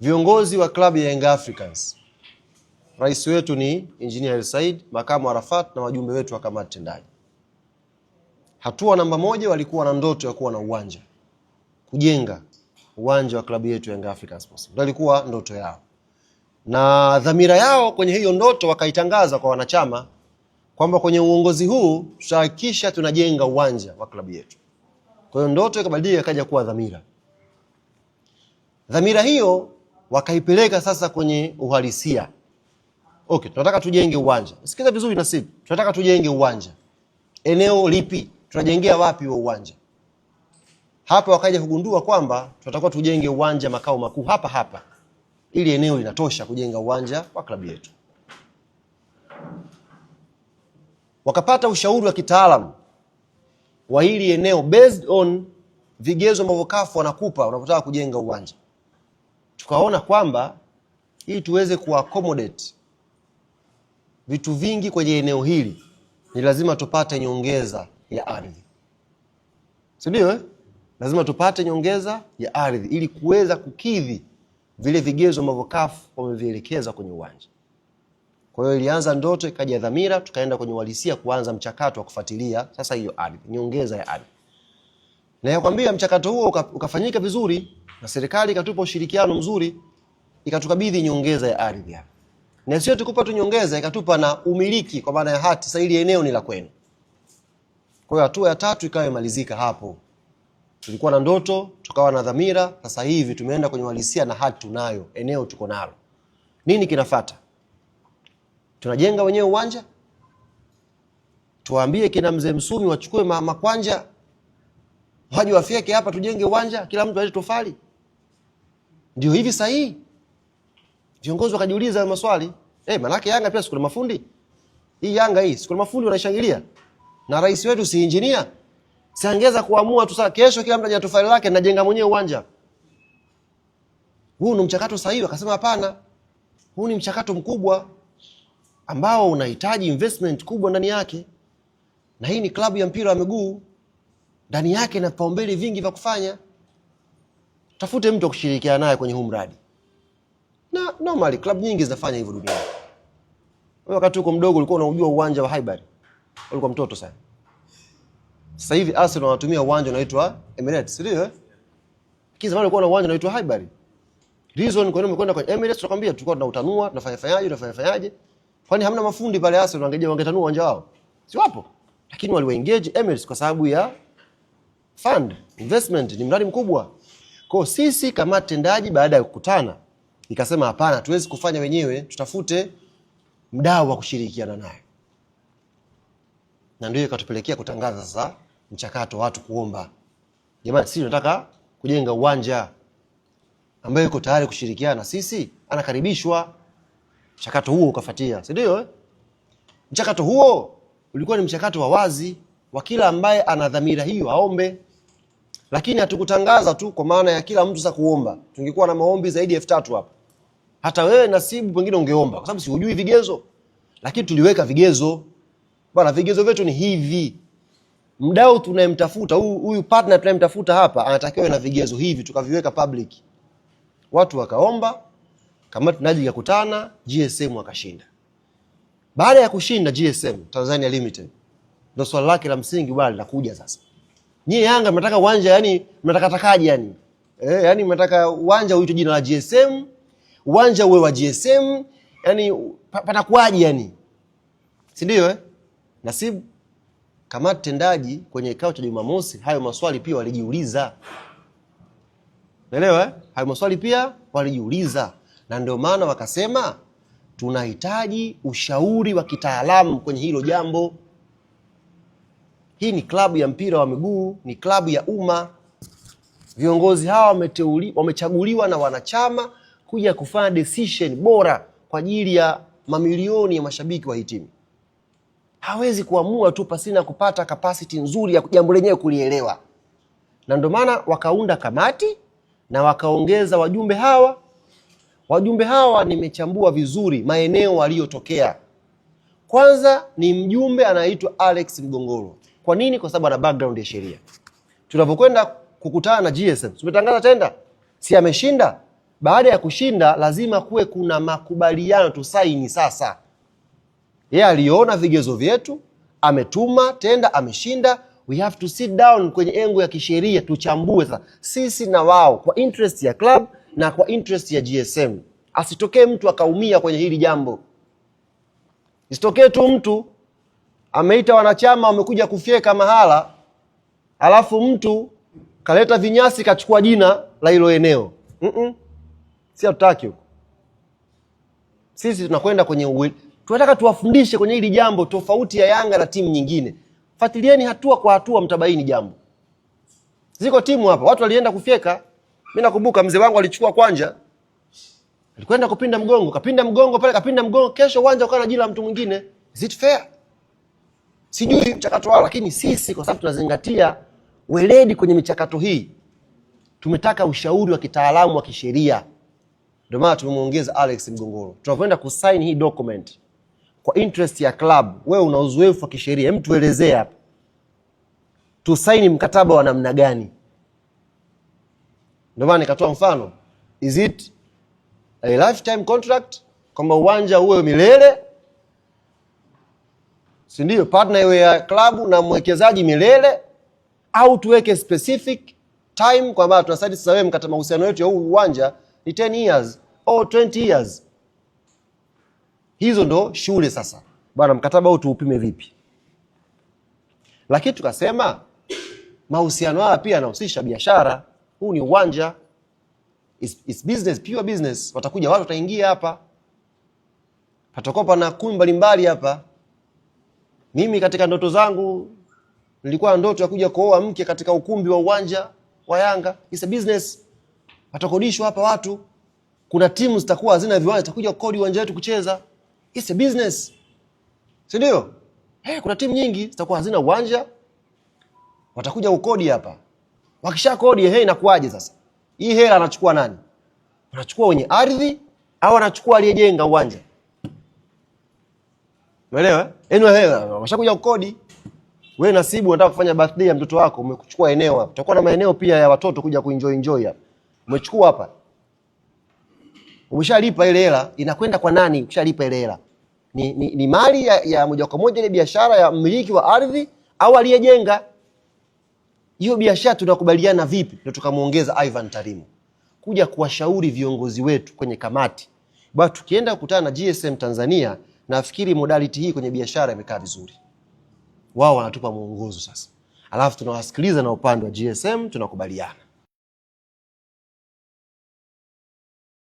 Viongozi wa klabu ya Young Africans, rais wetu ni Engineer Said, makamu Arafat na wajumbe wetu wa kamati tendaji. Hatua namba moja, walikuwa na ndoto ya kuwa na uwanja, kujenga uwanja wa klabu yetu Young Africans Sports. Ilikuwa ndoto yao na dhamira yao kwenye hiyo ndoto wakaitangaza kwa wanachama kwamba kwenye uongozi huu tutahakikisha tunajenga uwanja wa klabu yetu. Kwa hiyo ndoto ikabadilika ikaja kuwa dhamira. Dhamira hiyo wakaipeleka sasa kwenye uhalisia. Okay, tunataka tujenge uwanja. Sikiza vizuri Nasibu, tunataka tujenge uwanja. Eneo lipi? Tunajengea wapi wa uwanja? Hapa wakaja kugundua kwamba tunatakiwa tujenge uwanja makao makuu hapa hapa, ili eneo linatosha kujenga uwanja wa klabu yetu. Wakapata ushauri wa kitaalamu wa hili eneo based on vigezo ambavyo CAF wanakupa unapotaka kujenga uwanja tukaona kwamba ili tuweze kuaccommodate vitu vingi kwenye eneo hili ni lazima tupate nyongeza ya ardhi, si ndio eh? Lazima tupate nyongeza ya ardhi ili kuweza kukidhi vile vigezo ambavyo CAF wamevielekeza kwenye uwanja. Kwa hiyo ilianza ndoto, ikaja dhamira, tukaenda kwenye uhalisia kuanza mchakato wa kufuatilia sasa hiyo ardhi, nyongeza ya ardhi na yakwambia mchakato huo ukafanyika vizuri na serikali ikatupa ushirikiano mzuri, ikatukabidhi nyongeza ya ardhi hapa, na sio tukupa tu nyongeza, ikatupa na umiliki kwa maana ya hati. Sasa ile eneo ni la kwenu. Kwa hiyo hatua ya tatu ikawa imalizika hapo. Tulikuwa na ndoto, tukawa na dhamira, sasa hivi tumeenda kwenye uhalisia na hati tunayo, eneo tuko nalo. Nini kinafata? Tunajenga wenyewe uwanja, tuwaambie kina mzee Msumi wachukue makwanja waje wafyeke hapa, tujenge uwanja, kila mtu aje tofali. Ndio hivi sahihi? Viongozi wakajiuliza maswali eh, manake Yanga pia sikuna mafundi hii Yanga hii sikuna mafundi wanaishangilia, na rais wetu si injinia, siangeza kuamua tu sasa, kesho kila mtu aje tofali lake, najenga mwenyewe uwanja huu. Ni mchakato sahihi? Akasema hapana, huu ni mchakato mkubwa ambao unahitaji investment kubwa ndani yake, na hii ni klabu ya mpira wa miguu ndani yake na vipaumbele vingi vya kufanya. Tafute mtu kushirikiana naye kwenye huu mradi, na normally club nyingi zinafanya hivyo duniani. Wewe wakati uko mdogo ulikuwa unaujua uwanja wa Highbury, ulikuwa mtoto sana. Sasa hivi Arsenal wanatumia uwanja unaoitwa Emirates, ndio eh? kizama ulikuwa na uwanja unaoitwa Highbury. Reason kwa nini umekwenda kwenye Emirates? Tunakwambia tulikuwa tunautanua, tunafanya fanyaje, tunafanya fanyaje. Kwani hamna mafundi pale Arsenal wangeje wangetanua uwanja wao? Si wapo. Lakini waliwaengage Emirates kwa sababu ya fund investment ni mradi mkubwa. Kwa sisi kama tendaji, baada ya kukutana, nikasema hapana, tuwezi kufanya wenyewe, tutafute mdau wa kushirikiana naye, na ndio ikatupelekea kutangaza sasa mchakato watu kuomba, jamani, sisi tunataka kujenga uwanja, ambaye yuko tayari kushirikiana na sisi anakaribishwa. Mchakato huo ukafuatia, si ndio eh? Mchakato huo ulikuwa ni mchakato wa wazi wa kila ambaye ana dhamira hiyo aombe lakini hatukutangaza tu kwa maana ya kila mtu sasa kuomba. Tungekuwa na maombi zaidi ya elfu tatu hapa. Hata wewe Nasibu pengine ungeomba kwa sababu si hujui vigezo, lakini tuliweka vigezo bwana. Vigezo vyetu ni hivi, mdau tunayemtafuta huyu partner tunayemtafuta hapa anatakiwa na vigezo hivi, tukaviweka public, watu wakaomba, kamati tunaji ikakutana, GSM akashinda. Baada ya kushinda GSM Tanzania Limited, ndio swali lake la msingi bwana linakuja sasa Nyie Yanga mnataka uwanja yani mnataka takaji yani. Eh, yani mnataka uwanja uitwe jina la GSM, uwanja uwe wa GSM, yani panakuaje yani? Si ndio eh? Nasibu kamati tendaji kwenye kikao cha Jumamosi hayo maswali pia walijiuliza. Naelewa eh? Hayo maswali pia walijiuliza na ndio maana wakasema tunahitaji ushauri wa kitaalamu kwenye hilo jambo. Hii ni klabu ya mpira wa miguu, ni klabu ya umma. Viongozi hawa wamechaguliwa na wanachama kuja kufanya decision bora kwa ajili ya mamilioni ya mashabiki wa hii timu. Hawezi kuamua tu pasina kupata kapasiti nzuri ya jambo lenyewe kulielewa, na ndio maana wakaunda kamati na wakaongeza wajumbe hawa. Wajumbe hawa nimechambua vizuri maeneo waliyotokea. Kwanza ni mjumbe anaitwa Alex Mgongoro. Kwa nini? Kwa sababu ana background ya sheria. Tunapokwenda kukutana na GSM, tumetangaza tenda, si ameshinda. Baada ya kushinda, lazima kuwe kuna makubaliano tusaini. Sasa yeye aliona vigezo vyetu, ametuma tenda, ameshinda. We have to sit down kwenye engo ya kisheria, tuchambue sasa sisi na wao, kwa interest ya club na kwa interest ya GSM. Asitokee mtu akaumia kwenye hili jambo, isitokee tu mtu ameita wanachama wamekuja kufyeka mahala, alafu mtu kaleta vinyasi kachukua jina la hilo eneo mm -mm. Si hatutaki huko sisi, tunakwenda kwenye uwe... tunataka tuwafundishe kwenye hili jambo, tofauti ya Yanga na timu nyingine. fatilieni hatua kwa hatua, mtabaini jambo. Ziko timu hapa watu walienda kufyeka. mi nakumbuka mzee wangu alichukua kwanja, alikwenda kupinda mgongo, kapinda mgongo pale, kapinda mgongo, kesho uwanja ukawa na jina la mtu mwingine. Is it fair? sijui mchakato wao, lakini sisi kwa sababu tunazingatia weledi kwenye michakato hii, tumetaka ushauri wa kitaalamu wa kisheria. Ndio maana tumemwongeza Alex Mgongoro. Tunakwenda kusign hii document kwa interest ya club. Wewe una uzoefu wa kisheria, hem, tuelezee hapa tusaini mkataba wa namna gani? Ndio maana nikatoa mfano, is it a lifetime contract, kwamba uwanja uwe milele si ndio? Partner iwe ya klabu na mwekezaji milele, au tuweke specific time kwamba tunasaidi sasa, wewe mkata mahusiano yetu ya huu uwanja ni 10 years au 20 years. Hizo ndo shule sasa, bwana, mkataba huu tuupime vipi? Lakini tukasema mahusiano haya pia yanahusisha biashara. Huu ni uwanja, it's, business, pure business. Watakuja watu, wataingia hapa, patakuwa pana kumbi mbalimbali hapa mimi katika ndoto zangu nilikuwa ndoto ya kuja kuoa mke katika ukumbi wa uwanja wa Yanga. It's a business. Watakodishwa hapa watu. Kuna timu zitakuwa hazina viwanja, zitakuja kukodi uwanja wetu kucheza. It's a business. Si ndio? Hey, eh, kuna timu nyingi zitakuwa hazina uwanja. Watakuja kukodi hapa. Wakisha kodi, eh, hey, inakuwaje sasa? Hii hela anachukua nani? Anachukua wenye ardhi au anachukua aliyejenga uwanja? Umeelewa? Eh? Yaani wewe washakuja ukodi. Wewe Nasibu unataka kufanya birthday ya mtoto wako, umekuchukua eneo hapa. Tutakuwa na maeneo pia ya watoto kuja kuenjoy enjoy hapa. Umechukua hapa. Umeshalipa ile hela, inakwenda kwa nani? Ukishalipa ile hela. Ni, ni, ni mali ya, ya moja kwa moja ile biashara ya mmiliki wa ardhi au aliyejenga. Hiyo biashara tunakubaliana vipi? Ndio tukamuongeza Ivan Tarimo kuja kuwashauri viongozi wetu kwenye kamati. Bado tukienda kukutana na GSM Tanzania Nafikiri modality hii kwenye biashara imekaa vizuri, wao wanatupa mwongozo sasa, alafu tunawasikiliza na upande wa GSM tunakubaliana.